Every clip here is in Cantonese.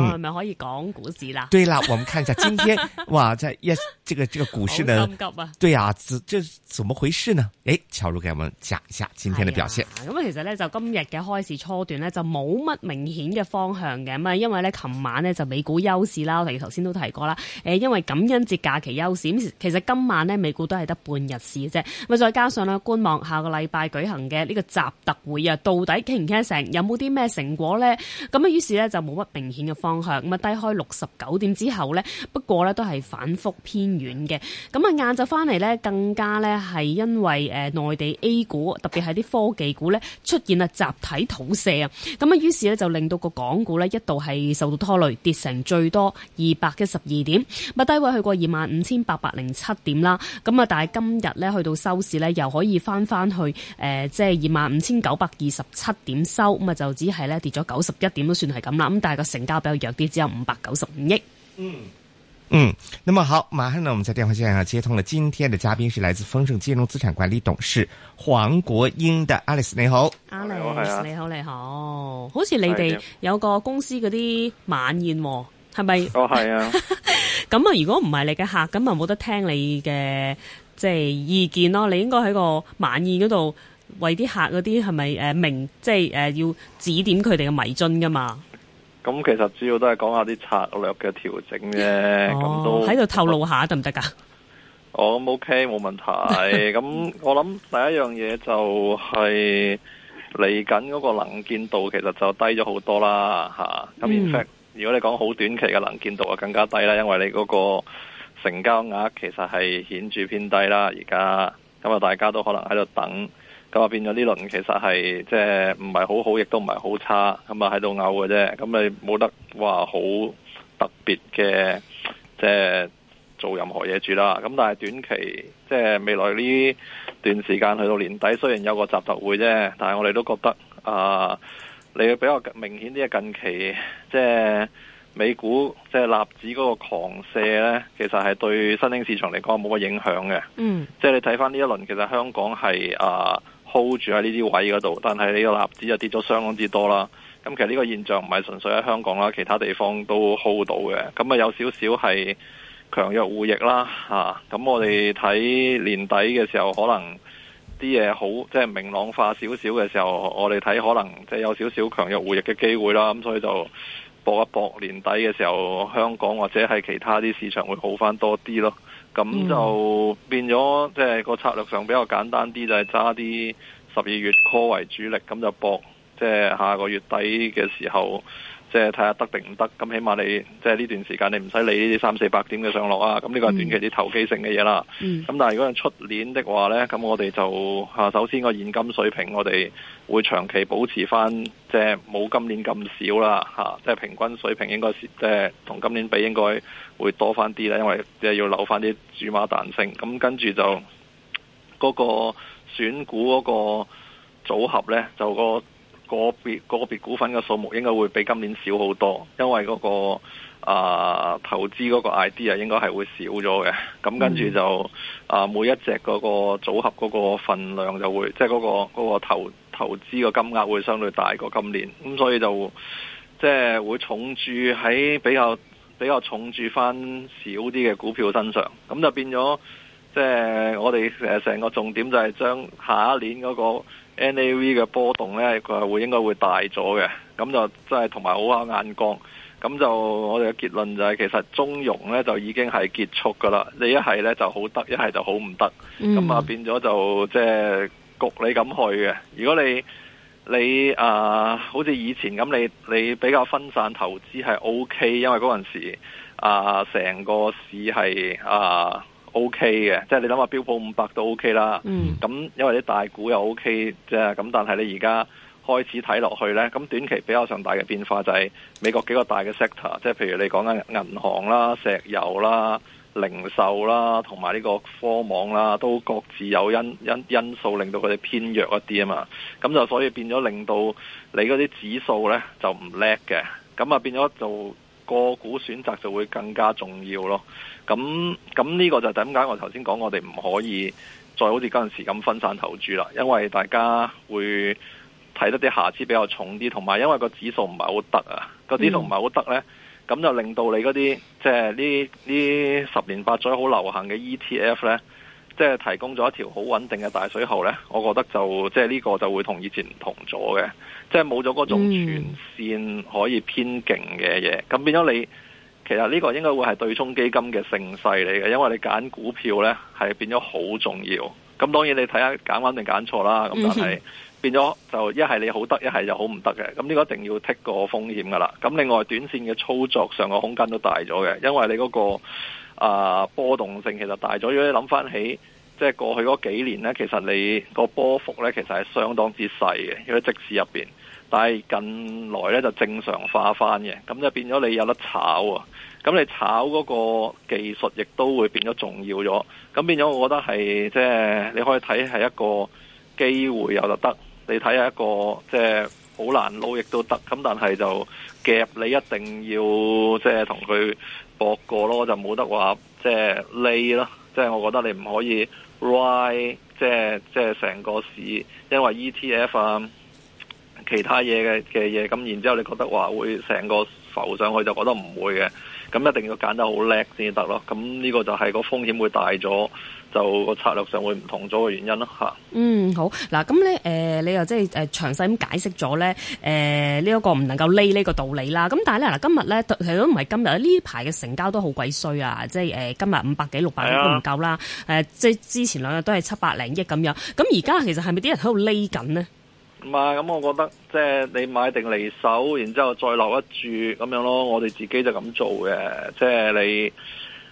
係、嗯、咪可以講股市啦？對啦，我們看一下今天， 哇，即 yes，這個這個股市呢， 急，急啊！對啊，這怎麼回事呢？誒，喬茹，給我們講一下今天的表現。咁、哎、其實呢，就今日嘅開市初段呢，就冇乜明顯嘅方向嘅咁啊，因為呢，琴晚呢，就美股休市啦，我哋頭先都提過啦。誒、呃，因為感恩節假期休市，咁其實今晚呢，美股都係得半日市嘅啫。咁再加上咧觀望下個禮拜舉行嘅呢個習特會啊，到底傾唔傾得成，有冇啲咩成果呢？咁啊，於是呢，就冇乜明顯嘅。方向咁啊低開六十九點之後呢，不過呢都係反覆偏軟嘅。咁啊晏晝翻嚟呢，更加呢係因為誒內地 A 股，特別係啲科技股呢，出現啊集體肚瀉啊，咁啊於是呢就令到個港股呢，一度係受到拖累，跌成最多二百一十二點，咁啊低位去過二萬五千八百零七點啦。咁啊但係今日呢，去到收市呢，又可以翻翻去誒即係二萬五千九百二十七點收，咁啊就只係呢，跌咗九十一點都算係咁啦。咁但係個成交比。弱啲，只有五百九十五億。嗯 嗯，咁啊好，馬上呢，我們在電話線上接通了。今天的嘉賓是來自豐盛金融資產管理董事黃國英的 Alice。你好，Alice，你好，你好，好似你哋有個公司嗰啲晚宴，係咪？哦，係啊。咁啊，如果唔係你嘅客，咁啊冇得聽你嘅即係意見咯。你應該喺個晚宴嗰度為啲客嗰啲係咪誒明即係誒、呃、要指點佢哋嘅迷津噶嘛？咁其實主要都係講下啲策略嘅調整啫，咁都喺度透露下得唔得噶？哦，咁 OK，冇問題。咁 我諗第一樣嘢就係嚟緊嗰個能見度其實就低咗好多啦，吓、嗯。咁 In fact，如果你講好短期嘅能見度啊，更加低啦，因為你嗰個成交額其實係顯著偏低啦，而家咁啊，大家都可能喺度等。我話變咗呢輪其實係即係唔係好好，亦都唔係好差，咁啊喺度嘔嘅啫。咁咪冇得話好特別嘅，即係做任何嘢住啦。咁但係短期即係未來呢段時間去到年底，雖然有個集體會啫，但係我哋都覺得啊，你比較明顯啲嘅近期即係美股即係納指嗰個狂瀉呢，其實係對新興市場嚟講冇乜影響嘅。嗯，即係你睇返呢一輪，其實香港係啊，hold 住喺呢啲位嗰度，但係呢個納指就跌咗相當之多啦。咁其實呢個現象唔係純粹喺香港啦，其他地方都 hold 到嘅。咁啊有少少係強弱互逆啦，咁、啊、我哋睇年底嘅時候，可能啲嘢好即係、就是、明朗化少少嘅時候，我哋睇可能即係有少少強弱互逆嘅機會啦。咁所以就搏一搏年底嘅時候，香港或者係其他啲市場會好翻多啲咯。咁、嗯、就變咗，即、就、係、是、個策略上比較簡單啲，就係揸啲十二月 call 為主力，咁就搏，即、就、係、是、下個月底嘅時候。即係睇下得定唔得，咁起碼你即係呢段時間你唔使理呢啲三四百點嘅上落啊，咁呢個係短期啲投機性嘅嘢啦。咁、嗯、但係如果係出年的話呢，咁我哋就吓首先個現金水平我哋會長期保持翻，即係冇今年咁少啦，吓即係平均水平應該即係同今年比應該會多翻啲啦，因為即係要留翻啲注碼彈性。咁跟住就嗰、個選股嗰個組合呢，就、個。個別個別股份嘅數目應該會比今年少好多，因為嗰、嗰個啊、呃、投資嗰個 idea 應該係會少咗嘅，咁、嗯、跟住就啊、呃、每一隻嗰個組合嗰個份量就會即係嗰個嗰個投投資嘅金額會相對大過今年，咁所以就即係、就係、會重注喺比較比較重注翻少啲嘅股票身上，咁就變咗即係我哋成個重點就係將下一年嗰、嗰個。N A V 嘅波動呢，佢會應該會大咗嘅，咁就真係同埋好啱眼光。咁就我哋嘅結論就係、是，其實中融呢就已經係結束噶啦。你一係呢就好得，一係就好唔得，咁、嗯、啊變咗就即係局你咁去嘅。如果你你啊、呃，好似以前咁，你你比較分散投資係 O K，因為嗰陣時啊，成、呃、個市係啊。呃 O K 嘅，即係你諗下標普五百都 O K 啦。咁、嗯、因為啲大股又 O K，即係咁。但係你而家開始睇落去咧，咁短期比較上大嘅變化就係美國幾個大嘅 sector，即係譬如你講緊銀行啦、石油啦、零售啦，同埋呢個科網啦，都各自有因因因素令到佢哋偏弱一啲啊嘛。咁就所以變咗令到你嗰啲指數咧就唔叻嘅，咁啊變咗就。個股選擇就會更加重要咯。咁咁呢個就係點解我頭先講我哋唔可以再好似嗰陣時咁分散投注啦，因為大家會睇得啲瑕疵比較重啲，同埋因為個指數唔係好得啊。個指數唔係好得呢。咁就令到你嗰啲即係呢呢十年八載好流行嘅 ETF 呢。即係提供咗一條好穩定嘅大水喉呢，我覺得就即係呢個就會同以前唔同咗嘅，即係冇咗嗰種全線可以偏勁嘅嘢，咁、嗯、變咗你其實呢個應該會係對沖基金嘅勝勢嚟嘅，因為你揀股票呢係變咗好重要，咁當然你睇下揀穩定揀錯啦，咁但係、嗯、變咗就一係你好得，一係就好唔得嘅，咁呢個一定要剔個風險噶啦。咁另外短線嘅操作上個空間都大咗嘅，因為你嗰個。啊，波動性其實大咗，如果你諗翻起，即係過去嗰幾年呢，其實你個波幅呢，其實係相當之細嘅，喺即時入面，但係近來呢，就正常化翻嘅，咁就變咗你有得炒啊。咁你炒嗰個技術亦都會變咗重要咗。咁變咗，我覺得係即係你可以睇係一個機會又得，你睇係一個即係好難撈亦都得。咁但係就夾你一定要即係同佢。就是搏過咯，就冇得話即係 lay 咯，即係我覺得你唔可以 write，即係即係成個市，因為 ETF 啊，其他嘢嘅嘅嘢，咁然之後你覺得話會成個浮上去，就覺得唔會嘅。咁一定要揀得好叻先得咯。咁呢個就係個風險會大咗，就個策略上會唔同咗嘅原因咯。吓、啊，嗯好嗱。咁咧誒，你又即係詳細咁解釋咗咧誒呢一個唔能夠匿呢個道理啦。咁但係咧嗱，今日咧其實都唔係今日。呢排嘅成交都好鬼衰啊，即係今日五百幾六百都唔夠啦。即係之前兩日都係七百零億咁樣。咁而家其實係咪啲人喺度匿緊呢？咁、嗯，我覺得即係你買定離手，然之後再落一注咁樣咯。我哋自己就咁做嘅，即係你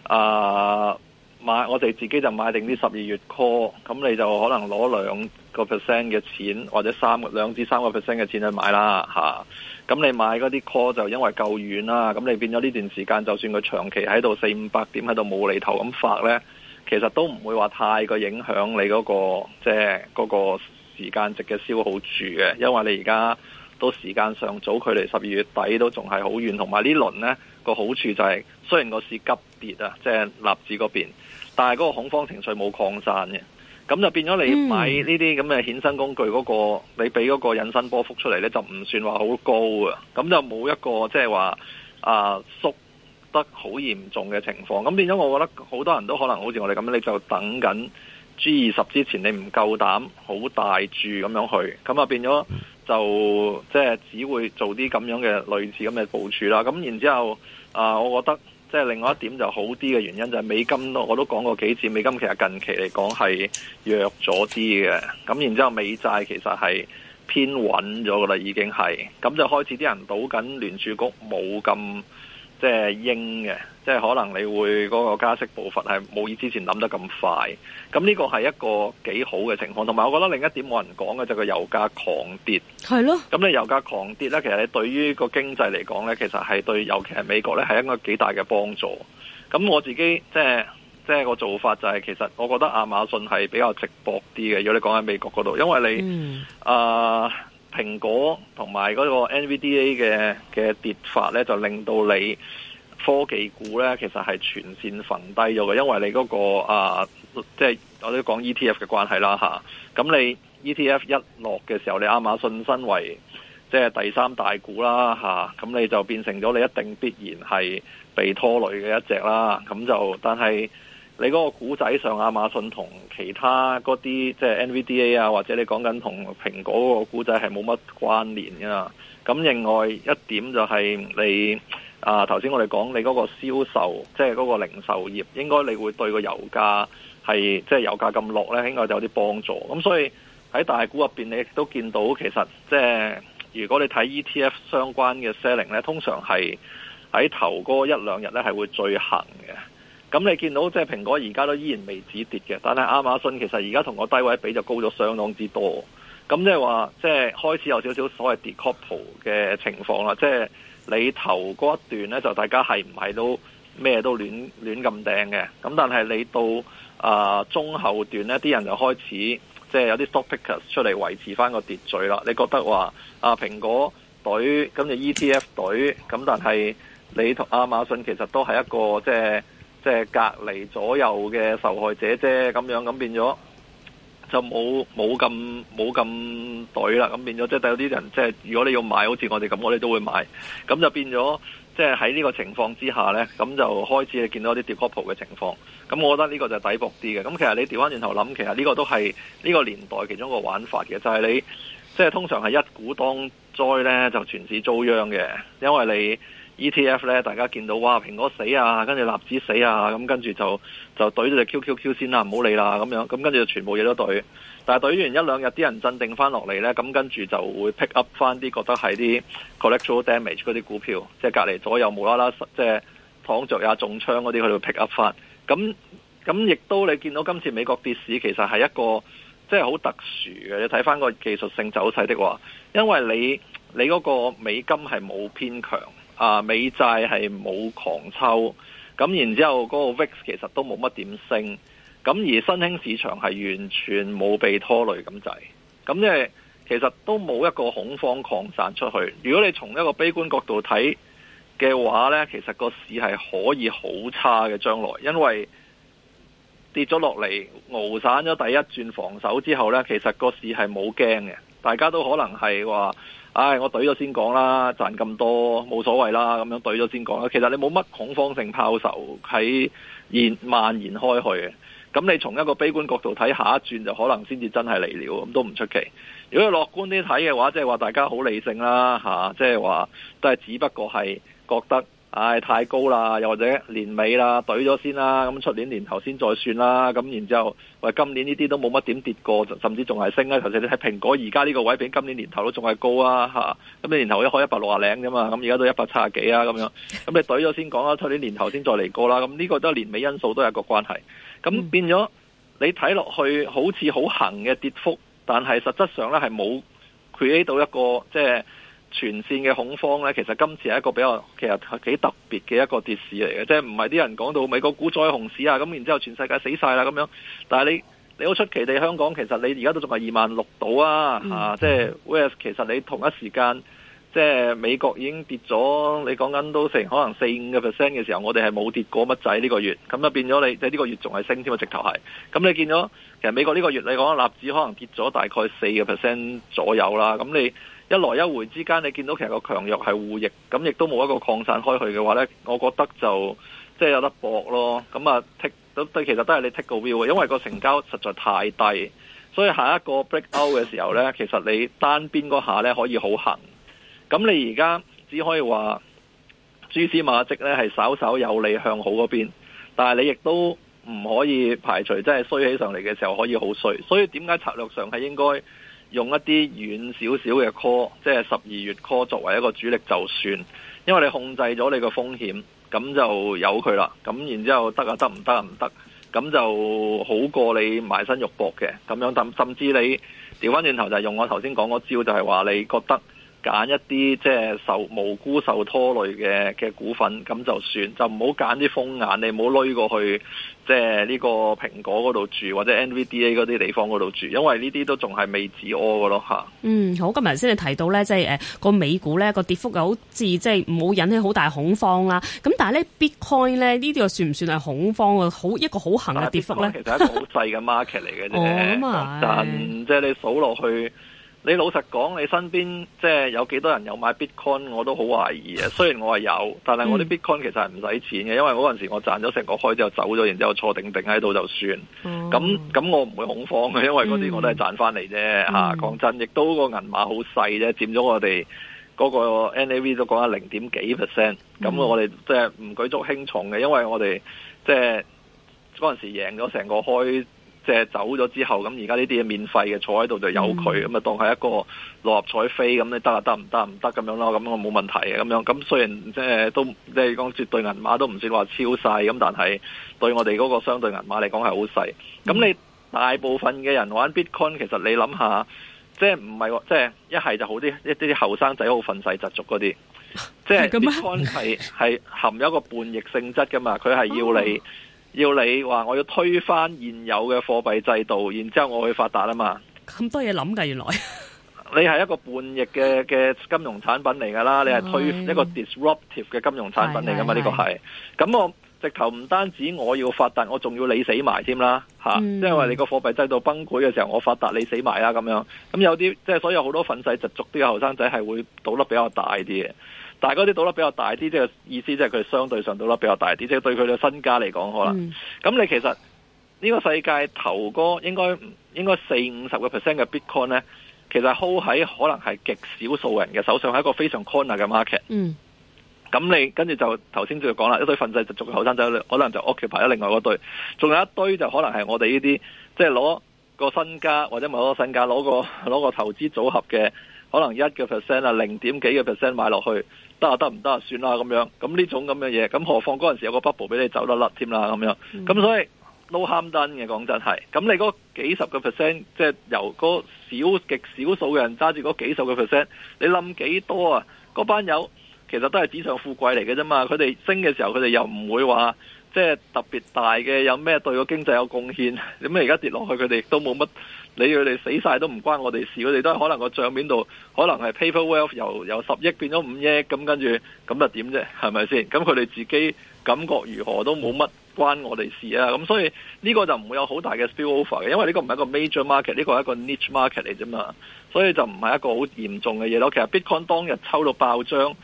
啊、呃、買，我哋自己就買定啲十二月 call，咁你就可能攞兩個 percent 嘅錢，或者三兩至三個 percent 嘅錢去買啦嚇。咁、啊、你買嗰啲 call 就因為夠遠啦，咁你變咗呢段時間，就算佢長期喺度四五百點喺度冇厘頭咁發呢，其實都唔會話太過影響你嗰個即係嗰個。時間值嘅消耗好處嘅，因為你而家到時間上早，距離十二月底都仲係好遠，同埋呢輪呢個好處就係、是，雖然個市急跌啊，即係納指嗰邊，但係嗰個恐慌情緒冇擴散嘅，咁就變咗你買呢啲咁嘅衍生工具嗰、那個，嗯、你俾嗰個引伸波幅出嚟呢，就唔算話好高啊，咁就冇一個即係話啊縮得好嚴重嘅情況，咁變咗我覺得好多人都可能好似我哋咁樣，你就等緊。G20 之前你唔夠膽好大注咁樣去，咁啊變咗就即係、就是、只會做啲咁樣嘅類似咁嘅部署啦。咁然之後啊，我覺得即係、就是、另外一點就好啲嘅原因就係美金，我都講過幾次，美金其實近期嚟講係弱咗啲嘅。咁然之後美債其實係偏穩咗噶啦，已經係咁就開始啲人賭緊聯儲局冇咁。即係鷹嘅，即係，可能你會嗰個加息步伐係冇以之前諗得咁快，咁呢個係一個幾好嘅情況。同埋，我覺得另一點冇人講嘅就個油價狂跌，係咯。咁你油價狂跌咧，其實你對於個經濟嚟講咧，其實係對，尤其係美國咧，係一個幾大嘅幫助。咁我自己即係即係個做法就係，其實我覺得亞馬遜係比較值搏啲嘅，如果你講喺美國嗰度，因為你啊。嗯呃蘋果同埋嗰個 NVDA 嘅嘅跌法呢，就令到你科技股呢，其實係全線墳低咗嘅，因為你嗰個啊，即係我都講 ETF 嘅關係啦吓，咁你 ETF 一落嘅時候，你亞馬遜身為即係第三大股啦吓，咁你就變成咗你一定必然係被拖累嘅一隻啦。咁就，但係。你嗰個股仔上亞馬遜同其他嗰啲，即係 NVDA 啊，或者你講緊同蘋果嗰個股仔係冇乜關聯噶。咁另外一點就係你啊，頭先我哋講你嗰個銷售，即係嗰個零售業，應該你會對個油價係即係油價咁落呢，應該就有啲幫助。咁所以喺大股入邊，你亦都見到其實、就是，即係如果你睇 ETF 相關嘅 selling 呢，通常係喺頭嗰一兩日呢，係會最行嘅。咁你見到即係蘋果而家都依然未止跌嘅，但係亞馬遜其實而家同個低位比就高咗相當之多。咁即係話，即係開始有少少所謂 decouple 嘅情況啦。即係你頭嗰一段呢，就大家係唔係都咩都亂亂咁掟嘅？咁但係你到啊、呃、中後段呢，啲人就開始即係有啲 stockpickers 出嚟維持翻個秩序啦。你覺得話啊蘋果隊咁，就 ETF 隊咁，但係你同亞馬遜其實都係一個即係。就是即係隔離左右嘅受害者啫，咁樣咁變咗就冇冇咁冇咁隊啦，咁變咗即係有啲人即係如果你要買，好似我哋咁，我哋都會買，咁就變咗即係喺呢個情況之下呢，咁就開始見到啲跌 couple 嘅情況。咁我覺得呢個就抵薄啲嘅。咁其實你調返轉頭諗，其實呢個都係呢個年代其中一個玩法嘅，就係，是，你即係通常係一股當災呢，就全市遭殃嘅，因為你。E.T.F 咧，大家見到哇，蘋果死啊，跟住納指死啊，咁跟住就就對咗隻 Q.Q.Q 先啦，唔好理啦咁樣。咁跟住就全部嘢都對，但係對完一兩日，啲人鎮定翻落嚟咧，咁跟住就會 pick up 翻啲覺得係啲 collateral damage 嗰啲股票，即係隔離左右無啦啦，即係躺着呀、中槍嗰啲，佢哋會 pick up 翻。咁咁亦都你見到今次美國跌市其實係一個即係好特殊嘅，你睇翻個技術性走勢的話，因為你你嗰個美金係冇偏強。啊，美債係冇狂抽，咁然之後嗰個 VIX 其實都冇乜點升，咁而新興市場係完全冇被拖累咁滯，咁即係其實都冇一個恐慌擴散出去。如果你從一個悲觀角度睇嘅話呢，其實個市係可以好差嘅將來，因為跌咗落嚟熬散咗第一轉防守之後呢，其實個市係冇驚嘅。大家都可能係話，唉，我兌咗先講啦，賺咁多冇所謂啦，咁樣兌咗先講啦。其實你冇乜恐慌性拋售喺延蔓延開去嘅。咁你從一個悲觀角度睇，下一轉就可能先至真係嚟了，咁都唔出奇。如果樂觀啲睇嘅話，即係話大家好理性啦，吓，即係話都係只不過係覺得。唉、哎，太高啦，又或者年尾啦，懟咗先啦，咁出年年頭先再算啦，咁然之後，喂，今年呢啲都冇乜點跌過，甚至仲係升啦，頭先你睇蘋果，而家呢個位比今年年頭都仲係高啊，吓，咁你年頭一開一百六啊零啫嘛，咁而家都一百七啊幾啊咁樣，咁你懟咗先講啦，出年年頭先再嚟過啦，咁呢個都係年尾因素都係一個關係，咁變咗你睇落去好似好行嘅跌幅，但係實質上咧係冇 create 到一個即係。就是全線嘅恐慌呢，其實今次係一個比較其實幾特別嘅一個跌市嚟嘅，即係唔係啲人講到美國股災熊市啊，咁然之後全世界死晒啦咁樣。但係你你好出奇地，香港其實你而家都仲係二萬六度啊，即係，其實你同一時間，即係美國已經跌咗，你講緊都成可能四五個 percent 嘅時候，我哋係冇跌過乜仔呢個月，咁啊變咗你即係呢個月仲係升添啊！直頭係，咁你見咗其實美國呢個月你講納指可能跌咗大概四個 percent 左右啦，咁你。一來一回之間，你見到其實個強弱係互逆，咁亦都冇一個擴散開去嘅話呢，我覺得就即係有得搏咯。咁啊，take 都對，其實都係你 take 個 view 啊，因為個成交實在太低，所以下一個 break out 嘅時候呢，其實你單邊嗰下呢可以好行。咁你而家只可以話蛛絲馬跡呢係稍稍有利向好嗰邊，但係你亦都唔可以排除，即係衰起上嚟嘅時候可以好衰。所以點解策略上係應該，用一啲遠少少嘅 call，即係十二月 call 作為一個主力就算，因為你控制咗你個風險，咁就由佢啦。咁然之後得啊，得唔得啊？唔得、啊，咁就好過你埋身肉搏嘅咁樣。甚甚至你調翻轉頭就係用我頭先講嗰招，就係、是、話你覺得。揀一啲即係受無辜受拖累嘅嘅股份咁就算，就唔好揀啲風眼，你唔好孭過去，即係呢個蘋果嗰度住或者 NVDA 嗰啲地方嗰度住，因為呢啲都仲係未止屙嘅咯吓。嗯，好，今日先至提到咧，即係誒個美股咧個跌幅又好似即係唔好引起好大恐慌啦。咁但係咧 Bitcoin 咧呢啲又算唔算係恐慌啊？好一個好行嘅跌幅咧？其實係好細嘅 market 嚟嘅啫。oh，但即係、就是、你數落去。你老實講，你身邊即係有幾多人有買 Bitcoin？我都好懷疑啊。雖然我係有，但係我啲 Bitcoin 其實係唔使錢嘅、嗯，因為嗰陣時我賺咗成個開之後走咗，然之後坐定定喺度就算。咁、哦、咁我唔會恐慌嘅，因為嗰啲我都係賺翻嚟啫。嚇、嗯、講、啊、真，亦都個銀碼好細啫，佔咗我哋嗰個 NAV 都講下零點幾 percent。咁、嗯、我哋即係唔舉足輕重嘅，因為我哋即係嗰陣時贏咗成個開。即係走咗之後，咁而家呢啲嘢免費嘅，坐喺度就有佢，咁、嗯、啊當係一個六合彩飛咁，你得啊得唔得唔得咁樣咯？咁我冇問題嘅咁樣。咁雖然即係都即係講絕對銀碼都唔算話超細咁，但係對我哋嗰個相對銀碼嚟講係好細。咁你大部分嘅人玩 Bitcoin 其實你諗下，即係唔係即係一係就好啲一啲後生仔好憤世疾俗嗰啲，即係 Bitcoin 含有一個叛逆性質嘅嘛，佢係要你。哦要你話我要推翻現有嘅貨幣制度，然之後我去發達啊嘛。咁多嘢諗噶原來。你係一個叛逆嘅嘅 金融產品嚟噶啦，你係推一個 disruptive 嘅金融產品嚟噶嘛？呢個係。咁、嗯、我直頭唔單止我要發達，我仲要你死埋添啦吓。因為你個貨幣制度崩潰嘅時候，我發達，你死埋啦咁樣。咁有啲即係所有好多憤世嫉俗啲嘅後生仔係會賭得比較大啲嘅。但嗰啲賭得比較大啲，即、就、係、是、意思即係佢相對上賭得比較大啲，即、就、係、是、對佢嘅身家嚟講可能。咁、嗯、你其實呢、這個世界頭哥應該應該四五十個 percent 嘅 Bitcoin 咧，其實 hold 喺可能係極少數人嘅手上，係一個非常 corner 嘅 market、嗯。咁你跟住就頭先就講啦，一堆份制就做後生仔，可能就 OK 排咗另外嗰堆，仲有一堆就可能係我哋呢啲，即係攞個身家或者咪攞個身家攞個攞個投資組合嘅，可能一個 percent 啊，零點幾個 percent 買落去。得啊，得唔得啊？算啦，咁樣咁呢種咁嘅嘢，咁何況嗰陣時有個 bubble 俾你走得甩添啦，咁樣，咁、嗯、所以都慳單嘅，講、no、真係。咁你嗰幾十個 percent，即係由個少極少數嘅人揸住嗰幾十個 percent，你冧幾多啊？嗰班友其實都係紙上富貴嚟嘅啫嘛，佢哋升嘅時候，佢哋又唔會話。即係特別大嘅，有咩對個經濟有貢獻？咁而家跌落去，佢哋都冇乜理，你佢哋死曬都唔關我哋事，佢哋都係可能個帳面度可能係 paper wealth 由由十億變咗五億，咁跟住咁就點啫？係咪先？咁佢哋自己感覺如何都冇乜關我哋事啊！咁所以呢個就唔會有好大嘅 spillover 嘅，因為呢個唔係一個 major market，呢個係一個 niche market 嚟啫嘛。所以就唔係一個好嚴重嘅嘢咯。其實 Bitcoin 當日抽到爆張。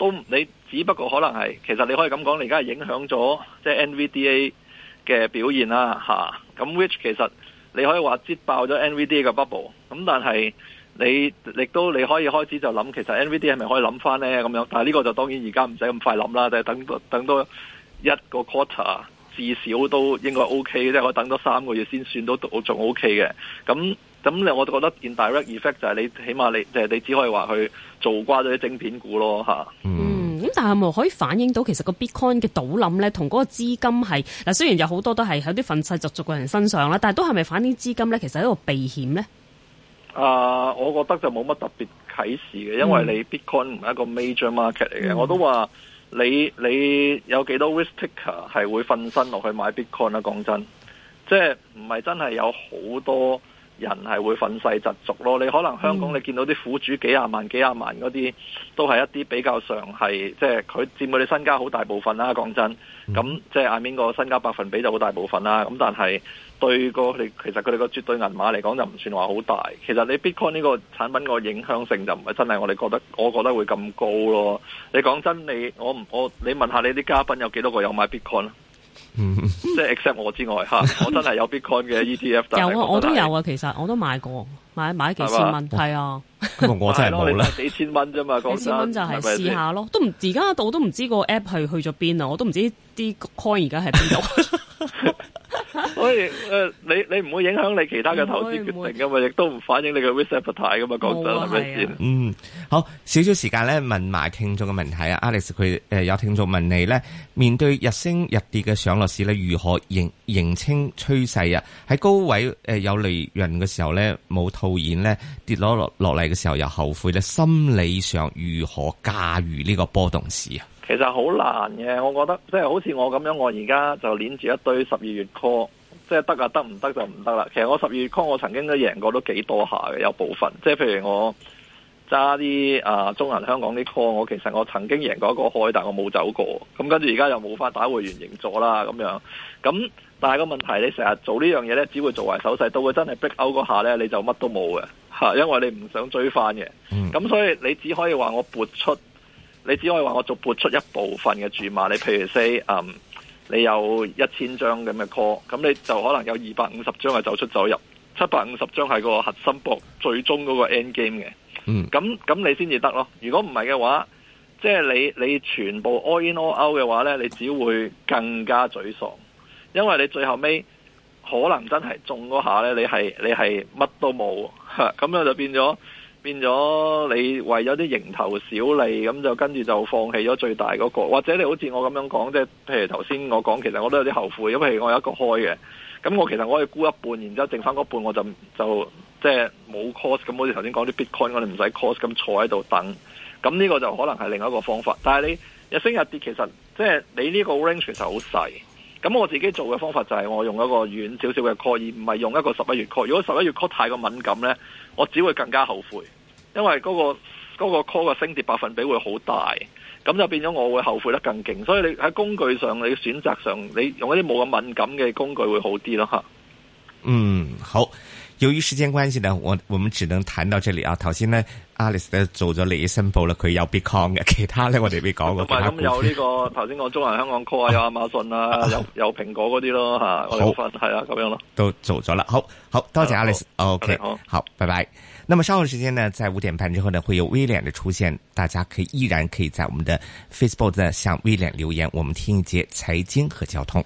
都你只不過可能係，其實你可以咁講，你而家係影響咗即係 NVDA 嘅表現啦，吓、啊，咁 which 其實你可以話接爆咗 NVDA 嘅 bubble，咁但係你亦都你可以開始就諗，其實 NVDA 係咪可以諗翻呢？咁樣？但係呢個就當然而家唔使咁快諗啦，就係、是、等多等多一個 quarter，至少都應該 OK 嘅，即係可以等多三個月先算都都仲 OK 嘅，咁。咁你，我就覺得見 direct effect 就係你起碼你，即係你只可以話去做瓜咗啲晶片股咯吓，嗯，咁但係咪可以反映到其實個 bitcoin 嘅倒冧咧，同嗰個資金係嗱，雖然有好多都係喺啲憤世嫉俗嘅人身上啦，但係都係咪反映啲資金咧？其實係一個避險咧？啊、uh，我覺得就冇乜特別啟示嘅，因為你 bitcoin 唔係一個 major market 嚟嘅。Mm-hmm. 我都話你你有幾多 risk taker 係會瞓身落去買 bitcoin 啦講真，即係唔係真係有好多？人係會憤世嫉俗咯，你可能香港你見到啲苦主幾廿萬、幾廿萬嗰啲，都係一啲比較上係，即係佢佔佢哋身家好大部分啦。講真，咁即係 I mean 個身家百分比就好大部分啦。咁但係對個佢哋，其實佢哋個絕對銀碼嚟講就唔算話好大。其實你 Bitcoin 呢個產品個影響性就唔係真係我哋覺得，我覺得會咁高咯。你講真，你我唔我，你問下你啲嘉賓有幾多個有買 Bitcoin 啊？嗯， 即係 except 我之外哈， 我真係有 Bitcoin 嘅 ETF，有啊的。我都有啊，其實我都買過，買買幾千蚊係吧啊， 我真係冇啦，幾千蚊啫嘛，幾千蚊就係試下咯，都唔而家到都唔知個 app 係去咗邊啊，我都唔知啲 coin 而家係邊度。 所以誒、呃，你你唔會影響你其他嘅投資決定噶嘛？亦都唔反映你嘅 risk appetite 嘛？講真係咪先？嗯，好少少時間咧，問埋聽眾嘅問題啊，Alex 佢誒有聽眾問你咧，面對日升日跌嘅上落市咧，如何認認清趨勢啊？喺高位誒有利潤嘅時候咧，冇套現咧，跌落落落嚟嘅時候又後悔咧，心理上如何駕馭呢個波動市啊？其實好難嘅，我覺得即係好似我咁樣，我而家就捻住一堆十二月 call，即係得啊，得唔得就唔得啦。其實我十二月 call 我曾經都贏過，都幾多下嘅，有部分。即係譬如我揸啲啊中銀香港啲 call，我其實我曾經贏過一個開，但我冇走過。咁跟住而家又冇法打回原形咗啦，咁樣。咁但係個問題，你成日做呢樣嘢呢，只會做為手勢，到佢真係 break out 嗰下呢，你就乜都冇嘅嚇，因為你唔想追翻嘅。咁、嗯、所以你只可以話我撥出。你只可以話我逐撥出一部分嘅注碼，你譬如 say，嗯，你有一千張咁嘅 call，咁你就可能有二百五十張係走出走入，七百五十張係個核心波最終嗰個 end game 嘅，嗯，咁咁你先至得咯。如果唔係嘅話，即係你你全部 all in all out 嘅話呢，你只會更加沮喪，因為你最後尾可能真係中嗰下呢，你係你係乜都冇，吓，咁樣就變咗。變咗你為咗啲蠅頭小利咁就跟住就放棄咗最大嗰個，或者你好似我咁樣講，即係譬如頭先我講，其實我都有啲後悔，因為我有一個開嘅，咁我其實我可以沽一半，然之後剩返嗰半我就就即係冇 cost，咁好似頭先講啲 Bitcoin，我哋唔使 cost，咁坐喺度等，咁呢個就可能係另一個方法，但係你日升日跌，其實即係你呢個 range 其實好細。咁我自己做嘅方法就係我用一個遠少少嘅 call，而唔係用一個十一月 call。如果十一月 call 太過敏感呢，我只會更加後悔，因為嗰個個 call 嘅升跌百分比會好大，咁就變咗我會後悔得更勁。所以你喺工具上，你嘅選擇上，你用一啲冇咁敏感嘅工具會好啲咯。吓，嗯，好。由於時間關係呢，我我們只能談到這裏啊。頭先呢，Alice 咧做咗你 symbol 啦，佢有 become 嘅，其他咧我哋未講過。咁啊，咁有呢、這個頭先講中環香港 call 啊，有亞馬遜啊，有啊啊啊有，有蘋果嗰啲咯吓，我哋分係啊咁樣咯，都做咗啦。好，好多謝，謝 Alice，OK，好、okay，好，好，拜拜。那麼稍後時間呢，在五點半之後呢，會有威廉的出現，大家可以依然可以在我們的 Facebook 呢向威廉留言，我們聽一節財經和交通。